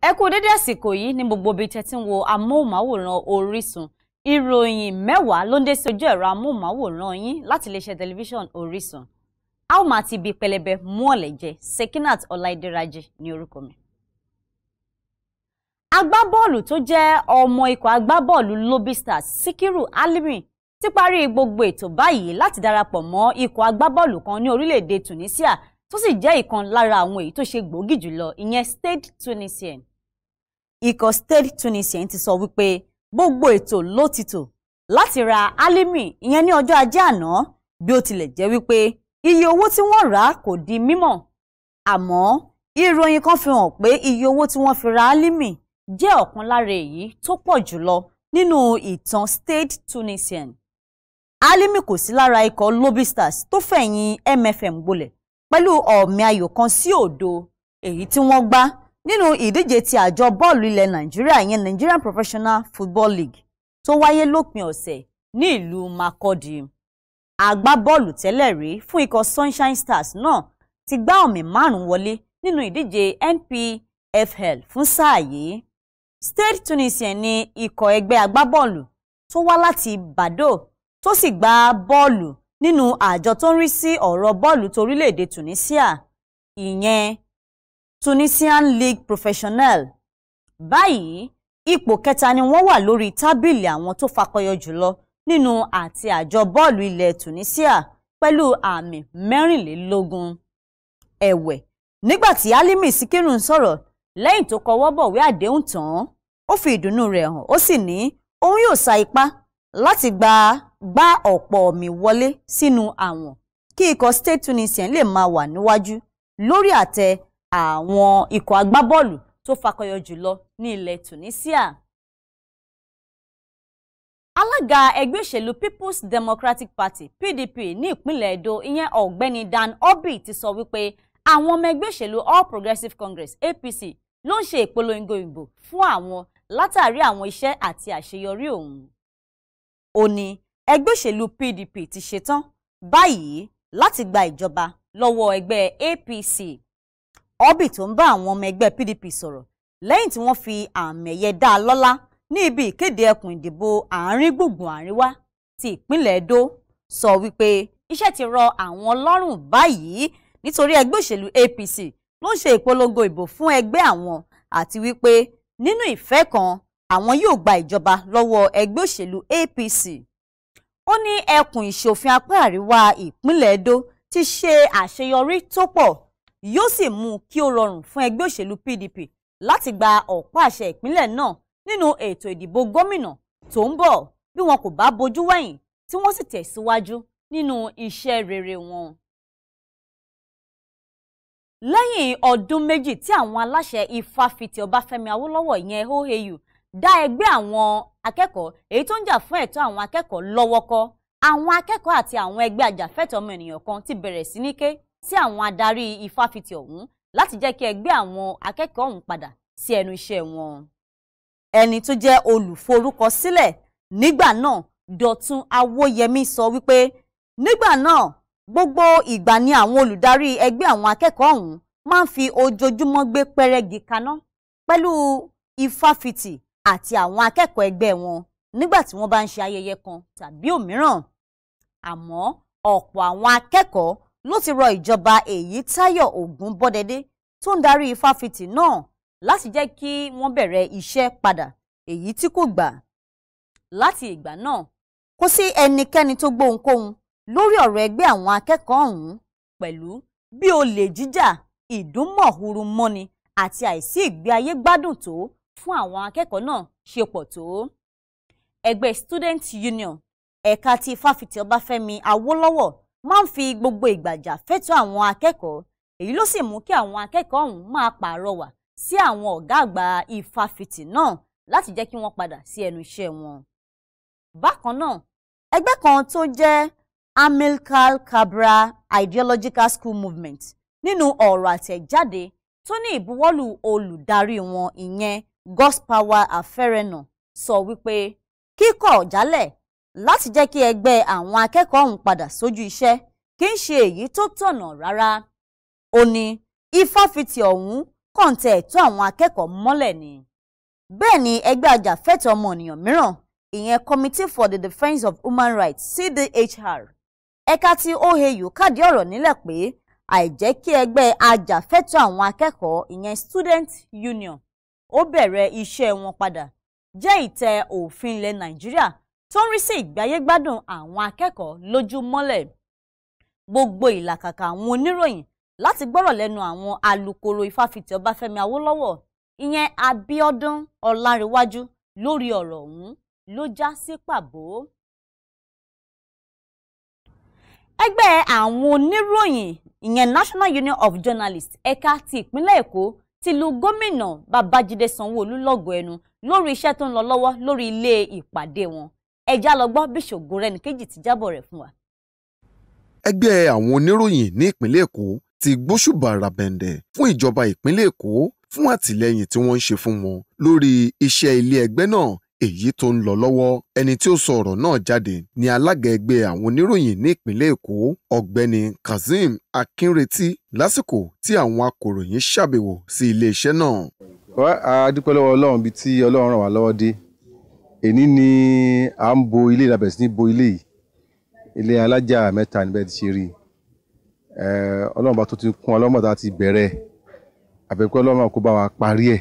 ẹ kú dédé àsìkò yìí ní gbogbo ibi tẹ́ ti ń wo amóhùnmáwòrán Orísun ìròyìn mẹ́wàá ló ń dé sí ojú ẹ̀rọ amóhùnmáwòrán yín láti iléeṣẹ́ tẹlifíṣàn Orísun a ó máa ti ibi pẹlẹbẹ mú ọ̀lẹ̀ jẹ Sekinat Ọláìdẹ́rajì ní orúkọ mi. agbábọ́ọ̀lù tó jẹ́ ọmọ ikọ̀ agbábọ́ọ̀lù Lobby Stars Síkírù Alimi ti parí gbogbo ètò báyìí láti darapọ̀ mọ́ ikọ̀ agbábọ́ọ̀lù kan ní orílẹ̀-èdè Tunisia tó sì jẹ́ ìkan lára àwọn èyí tó ṣe gbòógì jùlọ ìyẹn Stade Tunisien ikọ̀ state tunisian ti sọ wípé gbogbo ètò ló ti tò láti ra alimi ìyẹn ní ọjọ́ ajé àná bí ó tilẹ̀ jẹ́ wípé iye owó tí wọ́n rà kò di mímọ̀ àmọ́ ìròyìn kan fi hàn pé iye owó tí wọ́n fi ra alimi jẹ́ ọ̀kan lára èyí tó pọ̀ jùlọ nínú ìtàn state tunisian alimi kò sí lára ikọ̀ lobby tó fẹ̀yìn mfm gbolẹ̀ pẹ̀lú ọ̀mì ayò kan sí òdo èyí tí wọ́n gbá nínú ìdíje ti àjọ bọ́ọ̀lù ilẹ̀ nàìjíríà ìyẹn Nigerian Professional Football League tó wáyé lópin ọ̀sẹ̀ ní ìlú Makurdi agbábọ́ọ̀lù tẹ́lẹ̀ rí fún ikọ̀ Sunshine Stars náà ti gbá ọ̀mì márùn-ún wọlé nínú ìdíje NPFL fún sáà yìí Stade Tunisien ni ikọ̀ ẹgbẹ́ agbábọ́ọ̀lù tó wá láti Bado tó sì gbá bọ́ọ̀lù nínú àjọ tó ń rí sí ọ̀rọ̀ bọ́ọ̀lù torílẹ̀-èdè Tunisia ìyẹn Tunisian League Professionnelle. Báyìí, ipò kẹta ni wọ́n wà lórí tábìlì àwọn tó fakọyọ jùlọ nínú àti àjọ bọ́ọ̀lù ilẹ̀ Tunisia pẹ̀lú àmì mẹ́rìnlélógún. Ẹ̀wẹ̀, nígbà tí Alimi Sikiru ń sọ̀rọ̀ lẹ́yìn tó kọwọ́ bọ̀wé àdéhùn tán, ó fi ìdùnnú rẹ̀ hàn ó sì ní òun yóò sa ipá láti gba gbá ọ̀pọ̀ ọ̀mì wọlé sínú àwọn kí ikọ̀ State Tunisian lè máa wà níwájú lórí àtẹ àwọn ikọ̀ agbábọ́ọ̀lù tó fakọyọ jùlọ ní ilẹ̀ Tunisia alága ẹgbẹ́ òṣèlú People's Democratic Party PDP ní ìpínlẹ̀ Edo ìyẹn ọ̀gbẹ́ni Dan Obi ti sọ wípé àwọn ọmọ ẹgbẹ́ òṣèlú All Progressives Congress APC ló ń ṣe ìpolongo ìbò fún àwọn látàrí àwọn iṣẹ́ àti àṣeyọrí òun ó ní ẹgbẹ́ òṣèlú PDP ti ṣetán báyìí láti gba ìjọba lọ́wọ́ ẹgbẹ́ APC Obi tó ń bá àwọn ọmọ ẹgbẹ́ PDP sọ̀rọ̀ lẹ́yìn tí wọ́n fi àmì ẹ̀yẹ dá a lọ́lá ní ibi ìkéde ẹkùn ìdìbò àárín gbùngbùn àríwá ti ìpínlẹ̀ Edo sọ wípé iṣẹ́ ti rọ àwọn lọ́rùn báyìí nítorí ẹgbẹ́ òṣèlú APC ló ń ṣe ìpolongo ìbò fún ẹgbẹ́ àwọn àti wípé nínú ìfẹ́ kan àwọn yóò gba ìjọba lọ́wọ́ ẹgbẹ́ òṣèlú APC ó ní ẹkùn ìṣòfin apá àríwá ìpínlẹ̀ Edo ti ṣe àṣeyọrí tó pọ̀ yóò sì mú kí ó rọrùn fún ẹgbẹ́ òṣèlú PDP láti gba ọ̀pá àṣẹ ìpínlẹ̀ náà nínú ètò ìdìbò gómìnà tó ń bọ̀ bí wọn kò bá bojú wẹ̀yìn tí wọ́n sì tẹ̀síwájú nínú iṣẹ́ rere wọn. lẹ́yìn ọdún méjì tí àwọn aláṣẹ ifáfitì Ọbáfẹ́mi Awólọ́wọ̀ ìyẹn OAU dá ẹgbẹ́ àwọn akẹ́kọ̀ọ́ èyí tó ń jà fún ẹ̀tọ́ àwọn akẹ́kọ̀ọ́ lọ́wọ́ kọ́ àwọn akẹ́kọ̀ọ́ àti àwọn ẹgbẹ́ ajàfẹ́tọ̀ọ́ ọmọ ènìyàn kan ti bẹ̀rẹ̀ sí ní ké sí àwọn adarí ifáfitì ọ̀hún láti jẹ́ kí ẹgbẹ́ àwọn akẹ́kọ̀ọ́ ọ̀hún padà sí ẹnu iṣẹ́ wọn. ẹni tó jẹ́ olùforúkọsílẹ̀ nígbà náà Dọ̀tun Awóyẹmí sọ wípé nígbà náà gbogbo ìgbà ni àwọn olùdarí ẹgbẹ́ àwọn akẹ́kọ̀ọ́ ọ̀hún máa ń fi ojoojúmọ́ gbé pẹ́rẹ́gì kaná pẹ̀lú ifáfitì àti àwọn akẹ́kọ̀ọ́ ẹgbẹ́ wọn nígbà tí wọ́n bá ń ṣe ayẹyẹ kan tàbí òmíràn àmọ́ ọ̀pọ̀ àwọn akẹ́kọ̀ọ́ ló ti rọ ìjọba Èyítáyọ̀ Ògúnbọ́dẹdé tó ń darí fáfitì náà láti jẹ́ kí wọ́n bẹ̀rẹ̀ iṣẹ́ padà èyí tí kò gbà láti ìgbà náà kò sí ẹnikẹ́ni tó gbóhunkóhun lórí ọ̀rọ̀ ẹgbẹ́ àwọn akẹ́kọ̀ọ́ ọ̀hún pẹ̀lú bí olè jíjà ìdúnmọ̀húrú mọ́ni àti àìsí ìgbé ayé gbádùn tó fún àwọn akẹ́kọ̀ọ́ náà ṣe pọ̀ tó. ẹgbẹ́ student union ẹ̀ka ti fáfitì Ọbáfẹ́mi Awólọ́wọ̀ máa ń fi gbogbo ìgbàjà fẹ́tọ́ àwọn akẹ́kọ̀ọ́ èyí ló sì mú kí àwọn akẹ́kọ̀ọ́ ọ̀hún máa pàrọwà sí àwọn ọ̀gá àgbà ìfáfitì náà láti jẹ́ kí wọ́n padà sí ẹnu iṣẹ́ wọn. bákan náà ẹgbẹ́ kan tó jẹ́ Amilcar Cabral Ideological School Movement nínú ọ̀rọ̀ àtẹ̀jáde tó ní ìbuwọ́lù olùdarí wọn ìyẹn Godspower Afẹ́rẹ́nà sọ wípé kíkọ̀ jálẹ̀ láti jẹ́ kí ẹgbẹ́ àwọn akẹ́kọ̀ọ́ ọ̀hún padà sójú iṣẹ́ kì í ṣe èyí tó tọ̀nà rárá ó ní ìfáfitì ọ̀hún kọ̀ǹtẹ̀ ẹ̀tọ́ àwọn akẹ́kọ̀ọ́ mọ́lẹ̀ ni bẹ́ẹ̀ ni ẹgbẹ́ ajàfẹ́tọ̀ọ́ ọmọnìyàn mìíràn ìyẹn Committee for the Defence of Human Rights CDHR ẹ̀ka tí OAU kádìí ọ̀rọ̀ nílẹ̀ pé àìjẹ́ kí ẹgbẹ́ ajàfẹ́tọ̀ọ́ àwọn akẹ́kọ̀ọ́ ìyẹn Student Union ó bẹ̀rẹ̀ iṣẹ́ wọn padà jẹ́ ìtẹ̀ òfin ilẹ̀ Nàìjíríà tó ń rí sí ìgbáyé gbádùn àwọn akẹ́kọ̀ọ́ lójú mọ́lẹ̀ gbogbo ìlàkàkà àwọn oníròyìn láti gbọ́rọ̀ lẹ́nu àwọn alukoro ìfáfitì Ọbáfẹ́mi Awólọ́wọ̀ ìyẹn Abíọ́dún Ọlárẹ̀wájú lórí ọ̀rọ̀ ọ̀hún ló já sí pàbó. ẹgbẹ́ àwọn oníròyìn ìyẹn National Union of Journalists ẹ̀ka ti ìpínlẹ̀ Èkó ti lu gómìnà Babájídé Sanwó-Olú lọ́gọ̀ọ́ ẹnu lórí iṣẹ́ tó ń lọ lọ́wọ́ lórí ilé ìpàdé wọn ẹ̀já lọ gbọ́ bí Ṣògorẹ́nìkejì ti jábọ̀ rẹ̀ fún wa. ẹgbẹ́ àwọn oníròyìn ní ìpínlẹ̀ Èkó ti gbóṣùbà ràbẹ̀ǹdẹ̀ fún ìjọba ìpínlẹ̀ Èkó fún àtìlẹ́yìn tí wọ́n ń ṣe fún wọn lórí iṣẹ́ ilé ẹgbẹ́ náà èyí tó ń lọ lọ́wọ́ ẹni tí ó sọ ọ̀rọ̀ náà jáde ni alága ẹgbẹ́ àwọn oníròyìn ní ìpínlẹ̀ Èkó ọ̀gbẹ́ni Kazeem Akínretí lásìkò tí àwọn akòròyìn ṣàbẹ̀wò sí iléeṣẹ́ náà. a dúpẹ́ lọ́wọ́ Ọlọ́run bíi tí Ọlọ́run ràn wá lọ́wọ́ dé èní ni à ń bo ilé ìlàbẹ̀ sí ní bo ilé yìí ilé alájà mẹ́ta níbẹ̀ ti ṣe rí ọlọ́run bá tó ti kún ọlọ́mọ̀dá ti bẹ̀rẹ̀ àbẹ̀pẹ́ ọlọ́run kó bá wa parí ẹ̀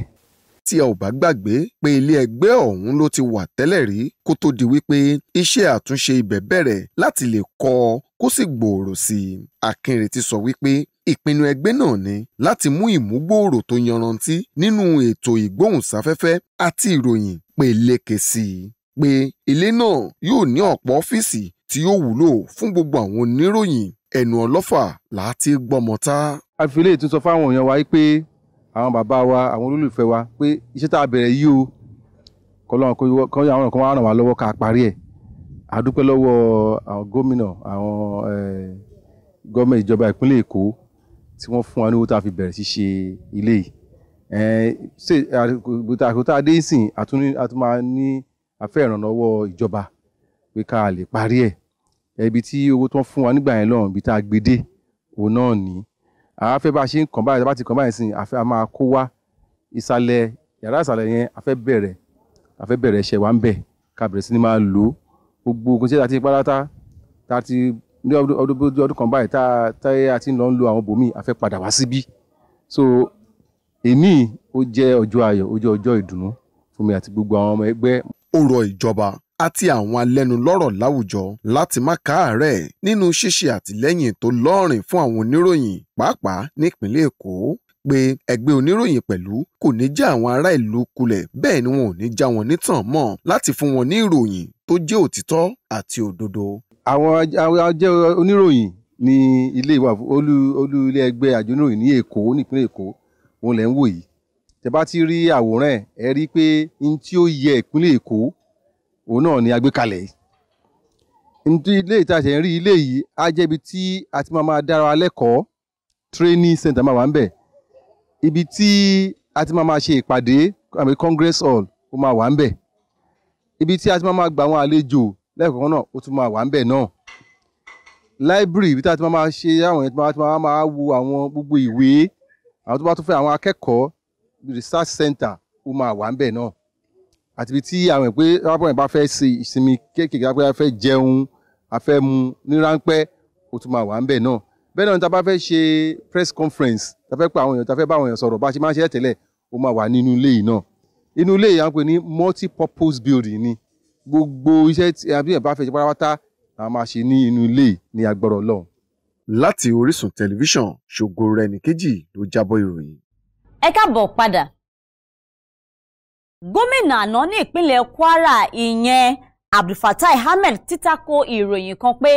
tí ẹ ò bá gbàgbé pé ilé ẹgbẹ́ ọ̀hún ló ti wà tẹ́lẹ̀ rí kó tó di wípé iṣẹ́ àtúnṣe ibẹ̀ bẹ̀rẹ̀ láti lè kọ́ kó sì gbòòrò sí i. Akínrètí sọ wípé Ìpinnu ẹgbẹ́ náà ni láti mú ìmúgbòòrò tó yanranntí nínú ètò ìgbóhùnsáfẹ́fẹ́ àti ìròyìn peléke sí i, pé ilé náà yóò ní ọ̀pọ̀ ọ́fíìsì tí yóò wúlò fún gbogbo àwọn oníròyìn, ẹnu ọlọ́fà là á ti gbọ́mọ tá. a fi eléyìí tún sọ fáwọn èèyàn wa pé àwọn bàbá wa àwọn olólùfẹ́ wa pé iṣẹ́ tá a bẹ̀rẹ̀ yìí o kọ́lọ́run kó àwọn kan wá ràn wá lọ́wọ́ ká parí ẹ̀ a lọ́wọ́ àwọn gómìnà àwọn gọ́ọ̀mẹ̀ ìjọba ìpínlẹ̀ Èkó tí wọ́n fún wa ní owó tá a fi bẹ̀rẹ̀ sí ṣe ilé yìí ṣe àkótá adéǹsìn àtúmá ní afẹ́ ìrànlọ́wọ́ ìjọba pé ká lè parí ẹ̀ ibi tí owó tó ń fún wa nígbà yẹn lọ́rùn ibi tá a gbé dé òun náà ní àáfẹ́ bá a ṣe ń kàn báyìí bá ti kàn báyìí sìn àfẹ́ a máa kó wá ìsàlẹ̀ yàrá ìsàlẹ̀ yẹn àfẹ́ bẹ̀rẹ̀ àfẹ́ bẹ̀rẹ̀ ṣẹ̀ wá ń bẹ̀ ká bẹ̀rẹ̀ sí ni máa lò ó gbogbo ogun ṣẹ́ta ti pátá tá a ti ní ọdún ọdún kan báyìí tá tá a ti ń lọ ń lo àwọn bòmíì a fẹ́ padà wá síbí so èmi ó jẹ́ ọjọ́ ayọ̀ ó jẹ́ ọjọ́ ìdùnnú fún mi àti gbogbo àwọn ọmọ ẹgbẹ́. ó rọ ìjọba àti àwọn alẹ́nulọ́rọ̀ láwùjọ láti má káàárẹ̀ nínú ṣíṣe àtìlẹ́yìn tó lọ́rìn fún àwọn oníròyìn pàápàá nípínlẹ̀ Èkó pé ẹgbẹ́ oníròyìn pẹ̀lú kò ní já àwọn ará ìlú kulẹ̀ bẹ́ẹ̀ ni wọn ò ní já wọn nítàn mọ́ láti fún wọn ní ìròyìn tó jẹ́ òtítọ́ àti òdodo àwọn ajẹ́ oníròyìn ní ilé wa olú olú ilé ẹgbẹ́ àjọ oníròyìn ní Èkó nípínlẹ̀ Èkó òun lẹ̀ ń wò yìí tẹ́ bá ti rí àwòrán ẹ rí pé n tí ó yẹ ìpínlẹ̀ Èkó òun náà ni agbékalẹ̀ yìí nítorí ilé ìtajà ń rí ilé yìí á jẹ́ ibi tí a ti máa máa dára lẹ́kọ̀ọ́ training center máa wà ń bẹ̀ ibi tí a ti máa máa ṣe ìpàdé àmì congress hall ó máa wà ń bẹ̀ ibi tí a ti máa máa gba àwọn àlejò lẹ́ẹ̀kọ̀kan náà ó tún máa wà ń náà library ibi tá a ti máa ṣe àwọn yẹn tí máa máa wo àwọn gbogbo ìwé àwọn tó bá tún fẹ́ àwọn akẹ́kọ̀ọ́ research center ó máa wà ń bẹ̀ náà àti ibi tí àwọn ìpè rábọ̀n bá fẹ́ ṣe ìsinmi kéékèèké bá fẹ́ jẹun a mu ní ráńpẹ́ ó tún máa wà ń náà bẹ́ẹ̀ náà ní ta bá fẹ́ ṣe press conference ta fẹ́ pa àwọn èèyàn ta fẹ́ bá àwọn èèyàn sọ̀rọ̀ bá a ṣe máa ń ṣe tẹ́lẹ̀ ó máa wà nínú ilé yìí náà inú ilé yìí à ń pè ní multi-purpose building ni gbogbo iṣẹ́ tí àbí ẹ̀ bá fẹ́ ṣe pátápátá la máa ṣe ní inú ilé ní agbára Ọlọ́run. láti Orísun tẹlifíṣàn ṣògo rẹ nìkejì ló jábọ̀ ìròyìn. ẹ káàbọ̀ padà gómìnà àná ní ìpínlẹ̀ Kwara ìyẹn Abdulfatai Ahmed títako ìròyìn kan pé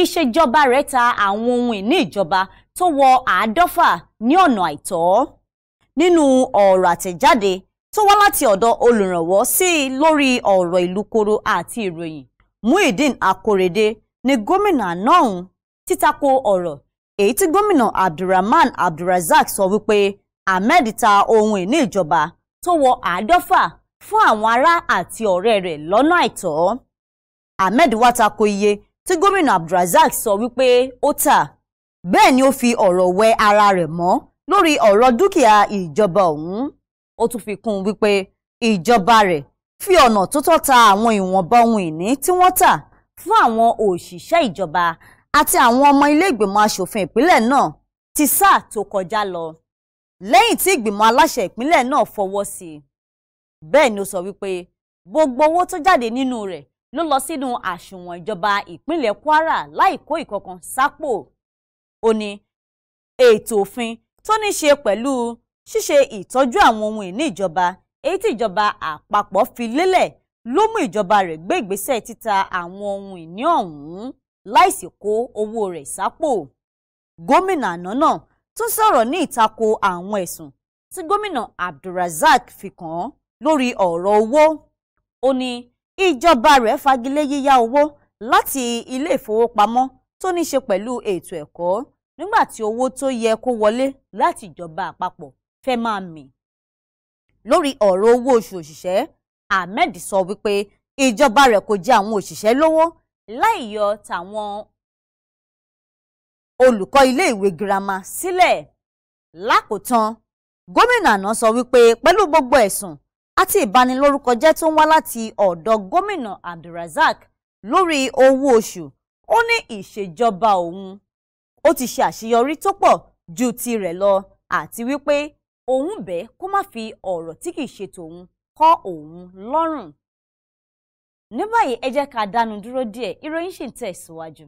ìṣèjọba rẹ̀ ta àwọn ohun ìní ìjọba tó wọ àádọ́fà ní ọ̀nà àìtọ́ nínú ọ̀rọ̀ àtẹ̀jáde tó wá láti ọ̀dọ̀ olùrànwọ́ sí i lórí ọ̀rọ̀ ìlú koro àti ìròyìn Muideen Akorede ní gómìnà náà títako ọ̀rọ̀ èyí tí gómìnà Abdulrahman Abdulrazak sọ wípé Ahmed ta ohun ìní ìjọba tó wọ àádọ́fà fún àwọn ará àti ọ̀rẹ́ rẹ̀ lọ́nà àìtọ́ Ahmed wá tako iye tí gómìnà Abdulrazak sọ wípé ó tà bẹ́ẹ̀ ni ó fi ọ̀rọ̀ wẹ ara rẹ̀ mọ́ lórí ọ̀rọ̀ dúkìá ìjọba ọ̀hún ó tún fi kún un wípé ìjọba rẹ̀ fi ọ̀nà tó tọ́ ta àwọn ìwọ̀nba ohun ìní tí wọ́n tà fún àwọn òṣìṣẹ́ ìjọba àti àwọn ọmọ ilé ìgbìmọ̀ asòfin ìpínlẹ̀ náà ti sáà tó kọjá lọ lẹ́yìn tí ìgbìmọ̀ aláṣẹ ìpínlẹ̀ náà fọwọ́ sí i bẹ́ẹ̀ ni ó sọ wípé gbogbo owó tó jáde nínú rẹ̀ ló lọ sínú àsùnwọ̀n ìjọba ìpínlẹ̀ Kwara láì kó ìkọ̀kan sápò ó ní ètò òfin tó ní ṣe pẹ̀lú ṣíṣe ìtọ́jú àwọn ohun ìní ìjọba èyí tí ìjọba àpapọ̀ fi lélẹ̀ ló mú ìjọba rẹ̀ gbé ìgbésẹ̀ títa àwọn ohun ìní ọ̀hún láìsí kó owó rẹ̀ sápò gómìnà àná náà tún sọ̀rọ̀ ní ìtako àwọn ẹ̀sùn tí gómìnà Abdulrasaq fi kàn án lórí ọ̀rọ̀ owó ó ní ìjọba rẹ̀ fagilé yíyá owó láti ilé ìfowópamọ́ tó ní ṣe pẹ̀lú ètò ẹ̀kọ́ nígbà tí owó tó yẹ kó wọlé láti ìjọba àpapọ̀ fẹ́ máa mì. lórí ọ̀rọ̀ owó oṣù òṣìṣẹ́ Ahmed sọ wípé ìjọba rẹ̀ kò jẹ àwọn òṣìṣẹ́ lówó láì yọ tàwọn olùkọ́ iléèwé girama sílẹ̀ lákòótán gómìnà àná sọ wípé pẹ̀lú gbogbo ẹ̀sùn àti ìbanilórúkọjẹ́ tó ń wá láti ọ̀dọ̀ gómìnà Abdulrasaq lórí owó oṣù ó ní ìṣèjọba òun ó ti ṣe àṣeyọrí tó pọ̀ ju tirẹ̀ lọ àti wípé òun bẹ́ẹ̀ kó má fi ọ̀rọ̀ tí kìí ṣe tòun kọ́ òun lọ́rùn. ní báyìí ẹ jẹ́ ká dánu dúró díẹ̀ ìròyìn ṣì ń tẹ̀síwájú.